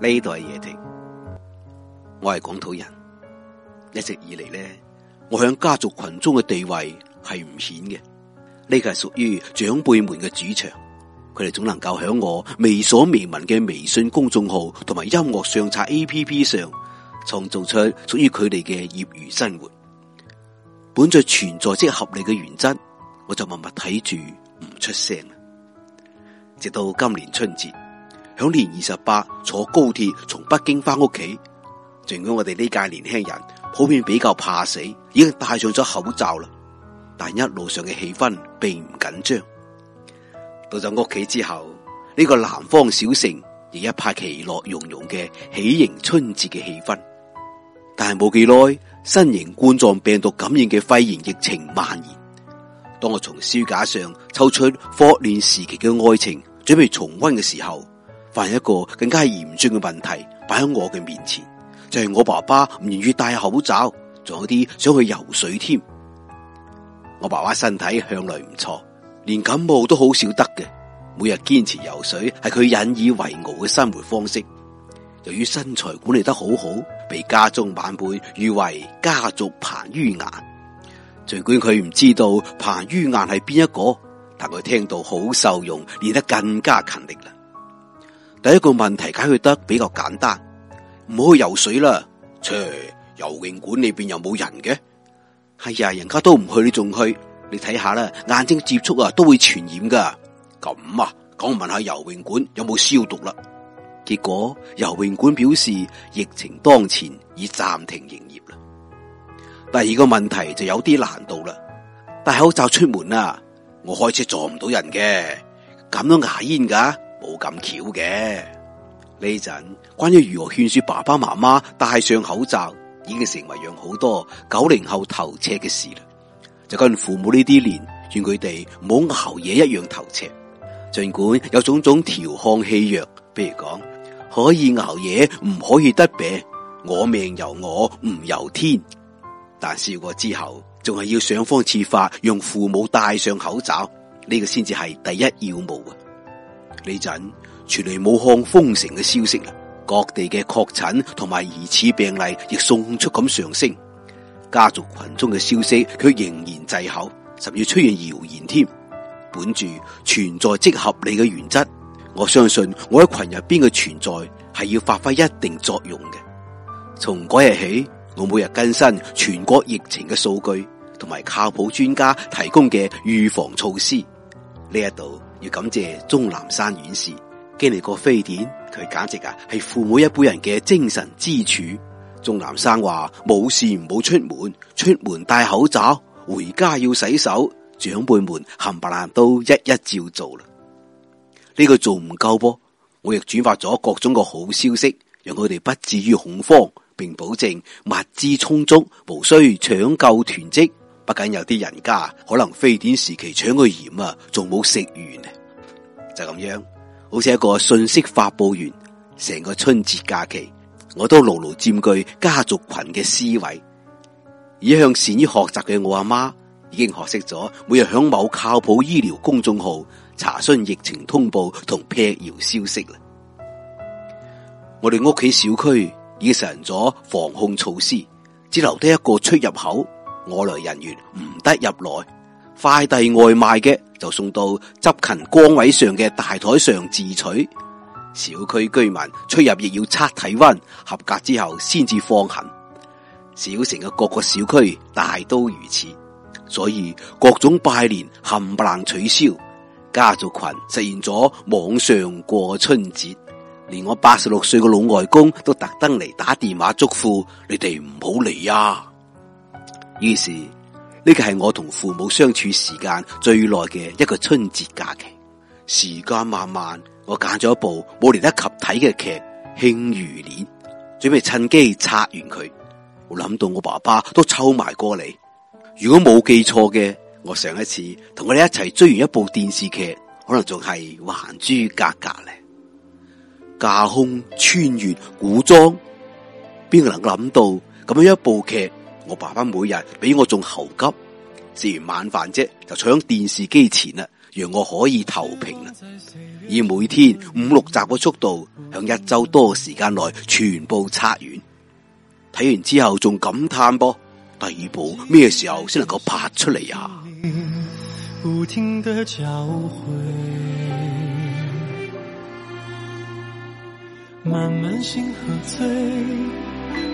呢度係夜庭，我係廣土人，一直以嚟呢我響家族群中嘅地位係唔顯嘅，呢個係屬於長輩們嘅主場，佢哋總能夠響我未所未聞嘅微信公眾號同埋音樂相冊 A P P 上，策 APP 上創造出屬於佢哋嘅業餘生活。本着存在即合理嘅原則，我就默默睇住唔出聲，直到今年春節。響年二十八坐高鐵從北京翻屋企，盡管我哋呢屆年輕人普遍比較怕死，已經戴上咗口罩啦，但一路上嘅氣氛並唔緊張。到咗屋企之後，呢、這個南方小城亦一派其樂融融嘅喜迎春節嘅氣氛。但係冇幾耐，新型冠狀病毒感染嘅肺炎疫情蔓延。當我從書架上抽出《霍亂時期嘅愛情》準備重温嘅時候。係一個更加嚴峻嘅問題擺喺我嘅面前，就係、是、我爸爸唔願意戴口罩，仲有啲想去游水添。我爸爸身體向來唔錯，連感冒都好少得嘅。每日堅持游水係佢引以為傲嘅生活方式。由於身材管理得好好，被家中晚輩譽為家族彭于晏。盡管佢唔知道彭于晏係邊一個，但佢聽到好受用，練得更加勤力啦。第一個問題解決得比較簡單，唔好去游水啦。切，游泳館裏邊又冇人嘅。係呀，人家都唔去，你仲去？你睇下啦，眼睛接觸啊都會傳染噶。咁啊，講問下游泳館有冇消毒啦。結果游泳館表示疫情當前已暫停營業啦。第二個問題就有啲難度啦。戴口罩出門啊，我開車撞唔到人嘅，咁樣牙煙噶。冇咁巧嘅呢陣，關於如何勸說爸爸媽媽戴上口罩，已經成為讓好多九零後頭赤嘅事啦。就跟父母呢啲年，勸佢哋唔好熬夜一樣頭赤。盡管有種種調侃戲謔，譬如講可以熬夜，唔可以得病，我命由我唔由天。但笑過之後，仲係要想方設法讓父母戴上口罩，呢、這個先至係第一要務啊！呢陣傳嚟武漢封城嘅消息啦，各地嘅確診同埋疑似病例亦迅速咁上升，家族群中嘅消息卻仍然滯口，甚至出現謠言添。本著存在即合理嘅原則，我相信我喺群入邊嘅存在係要發揮一定作用嘅。從嗰日起，我每日更新全國疫情嘅數據，同埋靠譜專家提供嘅預防措施呢一度。要感謝鍾南山院士，經歷過非典，佢簡直啊係父母一輩人嘅精神支柱。鍾南山話：冇事唔好出門，出門戴口罩，回家要洗手。長輩們冚唪唥都一一照做啦。呢個做唔夠喎，我亦轉發咗各種個好消息，讓佢哋不至於恐慌，並保證物資充足，無需搶購囤積。不僅有啲人家可能非典時期搶佢鹽啊，仲冇食完，就咁樣，好似一個信息發佈員。成個春節假期，我都牢牢佔據家族群嘅思維，一向善於學習嘅我阿媽，已經學識咗每日響某靠譜醫療公眾號查詢疫情通報同闢謠消息啦。我哋屋企小區已經成咗防控措施，只留低一個出入口。外來人員唔得入來，快遞外賣嘅就送到執勤崗位上嘅大台上自取。小區居民出入亦要測體溫，合格之後先至放行。小城嘅各個小區大都如此，所以各種拜年冚唪唥取消，家族群實現咗網上過春節。連我八十六歲嘅老外公都特登嚟打電話祝福：「你哋唔好嚟啊！」於是呢個係我同父母相處時間最耐嘅一個春節假期。時間慢慢，我揀咗一部冇連得及睇嘅劇《慶餘年》，準備趁機拆完佢。我諗到我爸爸都湊埋過嚟。如果冇記錯嘅，我上一次同佢哋一齊追完一部電視劇，可能仲係《還珠格格》咧。架空穿越古裝，邊個能諗到咁樣一部劇？我爸爸每日比我仲猴急，食完晚飯啫就坐喺電視機前啦，讓我可以投屏啦，以每天五六集嘅速度，響一周多嘅時間內全部拆完。睇完之後仲感嘆噃，第二部咩時候先能夠拍出嚟呀，啊？